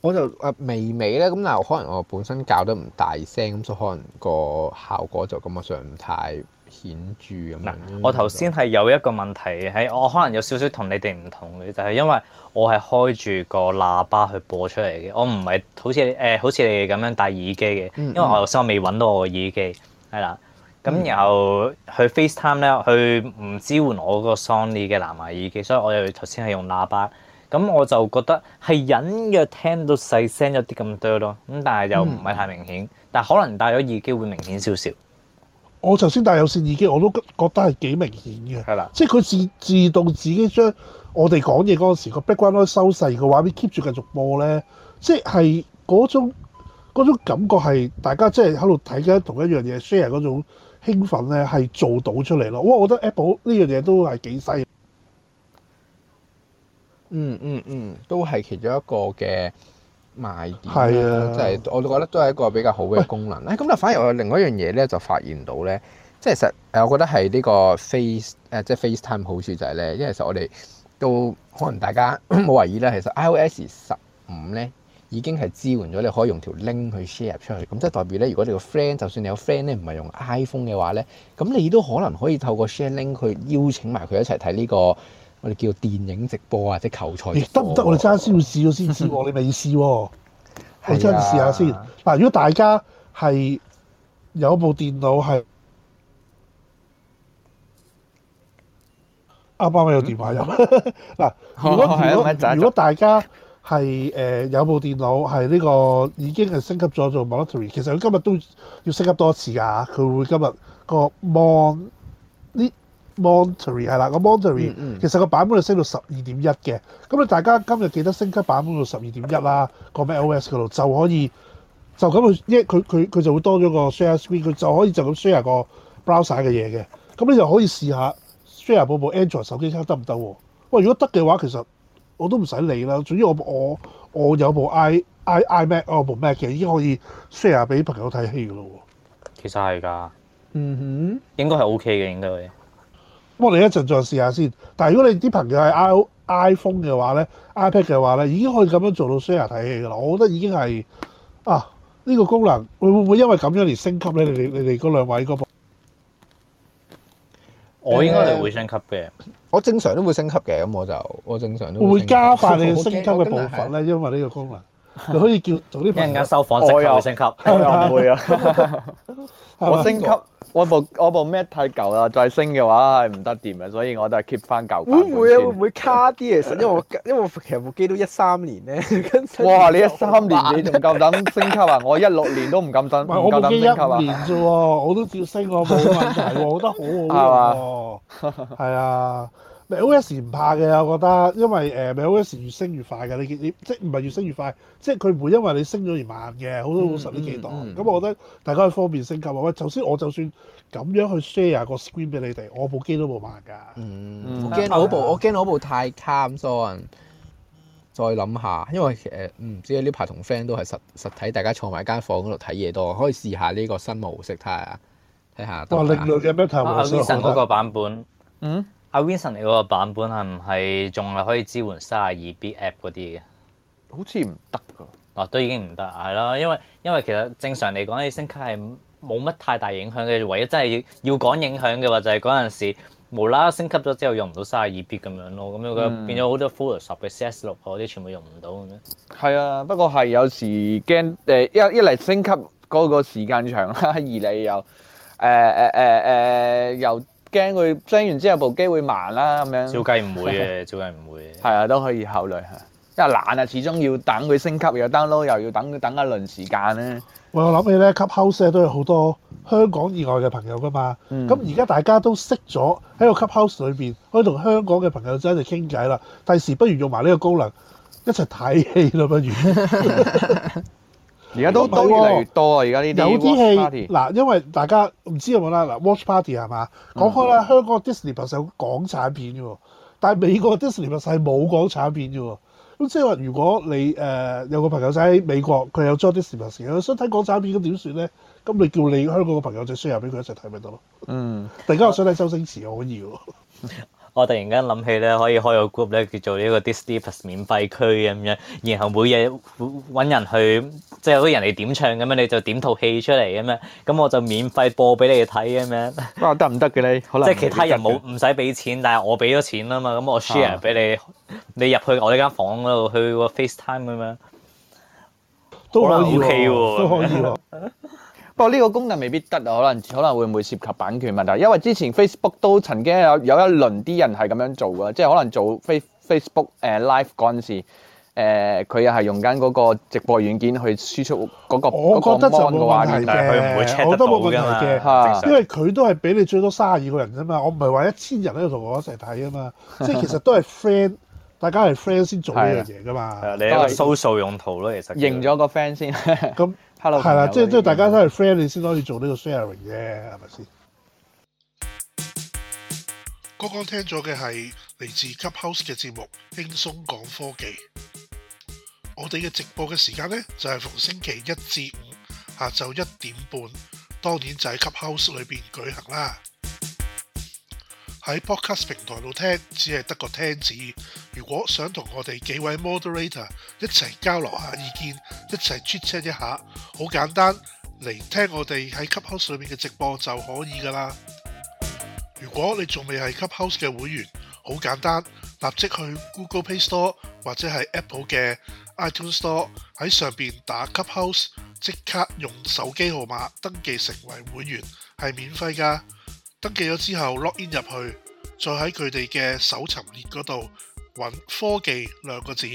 B: 我就誒微微咧，咁嗱，可能我本身搞得唔大聲，咁所可能個效果就咁啊，上唔太顯著咁。嗱、嗯，我頭先
C: 係有一個問題喺我，可能有少少同你哋唔同嘅，就係、是、因為我係開住個喇叭去播出嚟嘅，我唔係好似誒、欸、好似你哋咁樣戴耳機嘅，因為我頭先我未揾到我嘅耳機，係啦。咁由去 FaceTime 咧，佢唔支援我個 Sony 嘅藍牙耳機，所以我又頭先係用喇叭。咁我就覺得係隱約聽到細聲一啲咁多咯。咁但係又唔係太明顯，但係可能戴咗耳機會明顯少少。
A: 我頭先戴有線耳機，我都覺得係幾明
C: 顯嘅。係啦，
A: 即係佢自自動自己將我哋講嘢嗰陣時個 background 收細，個畫面 keep 住繼續播咧，即係嗰種感覺係大家即係喺度睇緊同一樣嘢 share 嗰種。興奮咧係做到出嚟咯，哇！我覺得 Apple 呢樣嘢都係幾犀
B: 利、嗯，嗯嗯嗯，都係其中一個嘅賣點啦，即係、啊、我都覺得都係一個比較好嘅功能。咁啊、哎哎嗯，反而我另外一樣嘢咧就發現到咧，即係實誒，我覺得係呢個 Face 誒即係 FaceTime 好處就係咧，因為實我哋都可能大家冇為意啦。其實 iOS 十五咧，已經係支援咗，你可以用條 link 去 share 出去，咁即係代表咧，如果你個 friend 就算你有 friend 咧，唔係用 iPhone 嘅話咧，咁你都可能可以透過 share link 去邀請埋佢一齊睇呢個我哋叫做電影直播或者球賽。亦得唔得？我
A: 哋爭先要試咗先知喎，你未試
B: 喎？我真試下先。
A: 嗱，如果大家係有部電腦係啱啱有電話入，嗱， 如果 如果大家。係誒、呃、有部電腦係呢、呢個已經係升級咗做 Monterey 其實佢今日都要升級多次㗎、啊，佢會今日個 Mon 呢 Monterey 係啦，個 Monterey 其實個版本係升到十二點一嘅，咁你大家今日記得升級版本到十二點一啦，Mac OS 一個 MacOS 嗰度就可以就咁去，因為佢佢佢就會多咗個 Share Screen，佢就可以就咁 share 個 browser 嘅嘢嘅，咁你就可以試下 share 部部 Android 手機卡得唔得喎？喂，如果得嘅話，其實～我都唔使理啦。總之我我我有部 i i iMac，我有部 Mac 嘅已經可以 share 俾朋友睇戲噶啦喎。
C: 其實係㗎，嗯
A: 哼，
C: 應該係 O K 嘅，應該。
A: 不過你一陣再試下先。但係如果你啲朋友係 i iPhone 嘅話咧，iPad 嘅話咧，已經可以咁樣做到 share 睇戲㗎啦。我覺得已經係啊呢、呢個功能會唔會因為咁樣而升級咧？你你你哋
B: 嗰兩位嗰部。
C: 我應該係會升級嘅，
B: 我正常都會升級嘅，咁我就我正常都會。會加快你升級嘅步伐
A: 咧，因為呢個功能，
C: 你可以叫一陣間收房即刻會升級，唔會啊，我升級。
D: 我部我部 Mac 太舊啦，再升嘅話唔得掂啊，所以我都係 keep 翻
B: 舊版。會唔會啊？會唔會卡啲？其實因為我因為我其實部機都一三年咧。哇！
A: 你一三年你仲
D: 夠等膽升級啊？我一六年都唔敢等，唔夠膽升級啊？年啫
B: 喎，
A: 我都照升我冇問題喎，我，我覺得好好喎。係 吧啊。MacOS 唔怕嘅，我覺得，因為誒 MacOS、呃、越升越快嘅。你，你即係唔係越升越快？即係佢唔會因為你升咗而慢嘅，好多好實啲期待。咁、嗯嗯嗯、我覺得大家方便升級啊。喂，頭先我就算咁樣去 share 個 screen 俾你哋，我部機都冇慢㗎。嗯，
B: 嗯
C: 我驚
A: 嗰部，我
B: 驚嗰部太卡咁，所以再諗下。因為誒唔、嗯、知呢排同 friend 都係實實體，大家坐埋間房嗰度睇嘢多，可以試下呢個新模式睇下。
C: 睇下。哇！力
A: 量有咩
B: 睇模式嗰、啊啊、個
C: 版本？嗯。阿 Vincent，你嗰個版本係唔係仲係可以支援卅二 bit app 嗰啲
D: 嘅？好似唔得
C: 㗎。哦，都已經唔得，係啦，因為因為其實正常嚟講，你升級係冇乜太大影響嘅。唯一真係要講影響嘅話就，就係嗰陣時無啦啦升級咗之後用唔到卅二 bit 咁樣咯。咁樣、嗯、變咗好多 Photoshop 嘅 CS6 嗰啲全部用唔到咁樣。係啊，
D: 不過係有時驚誒、呃，一一嚟升級嗰個時間長啦，二嚟又誒誒誒誒又。呃呃呃呃呃又驚佢裝完之後部機會慢啦咁樣，照計唔會嘅，照是計唔會嘅。係啊，都可以考慮一下。因為懶啊，始終要等佢升級，又 download 又要等，佢等一輪時間咧、
A: 啊哎。我諗起咧 Clubhouse 都有好多香港以外嘅朋友噶嘛。咁而家大家都識咗喺個 Clubhouse 裏邊，可以同香港嘅朋友仔一齊傾偈啦。第時不如用埋呢個功能，一齊睇戲啦不如。
D: 而家都都越嚟越多啊！而家呢啲有啲戲嗱，
A: 因為大家唔知有冇啦嗱，watch party 係嘛？嗯，講開啦，香港 Disney Plus 有港產片嘅喎，但係美國 Disney Plus 係冇港產片嘅喎。咁即係話，如果你誒有個朋友仔喺美國，佢有 join Disney Plus 想睇港產片咁點算咧？咁你叫你香港嘅朋友仔 share 俾佢一齊睇咪得咯？嗯， 突然間我想睇周星馳可以喎。
C: 我突然間諗起咧，可以開個 group 咧，叫做呢個 Disney+ 免費區咁樣，然後每日搵人去，即係好似人哋點唱咁樣，你就點套戲出嚟咁樣，咁我就免費播俾你哋睇咁樣。啊，得唔得嘅你？即係其他人冇唔使俾錢，但係我俾咗錢啊嘛，咁我 share 俾你，啊、你入去我呢間房嗰度，去個 FaceTime 咁樣，都可以喎，可 OK、都可以。
D: 不過呢個功能未必得啊，可能可能會唔會涉及版權問題？因為之前 Facebook 都曾經有有一輪啲人係咁樣做嘅，即係可能做 Face Facebook 誒 Live 嗰陣時，佢又係用緊嗰個直播軟件去輸出嗰、那個嗰得就 mon 嘅畫面嘅，個會我都冇覺得
C: 嘅，因
A: 為佢都係俾你最多三十二個人啫嘛， 我唔係話一千人喺度同我一齊睇啊嘛，即係其實都係 friend， 大家係 friend 先做呢樣嘢噶嘛，
C: 你都係 social 用途咯，
D: 其實認咗個 friend 先咁。 係啦，Hello, 即係即
A: 係，大家都係 friend，你先可以做呢個 sharing 啫，係咪先？剛剛聽咗嘅係嚟自 Clubhouse 嘅節目《輕鬆講科技》。我哋嘅直播嘅時間呢，就係、是、逢星期一至五下晝一點半，當然就喺 Clubhouse 裏邊舉行啦。喺 podcast 平台度聽，只係得個聽字。如果想同我哋幾位 moderator 一齊交流下意見，一齊 chat 一下。好簡單，嚟聽我哋喺 Clubhouse 上面嘅直播就可以噶啦。如果你仲未係 Clubhouse 嘅會員，好簡單，立即去 Google Play Store 或者係 Apple 嘅 iTunes Store 喺上邊打 Clubhouse，即刻用手機號碼登記成為會員，係免費噶。登記咗之後，login 入去，再喺佢哋嘅搜尋列嗰度，揾科技兩個字，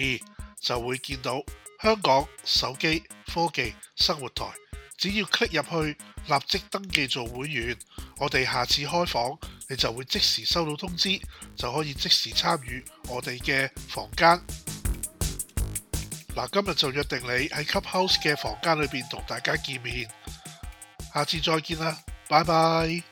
A: 就會見到。香港手機科技生活台，只要 click 入去，立即登記做會員，我哋下次開房，你就會即時收到通知，就可以即時參與我哋嘅房間。嗱，今日就約定你喺 Clubhouse 嘅房間裏邊同大家見面，下次再見啦，拜拜。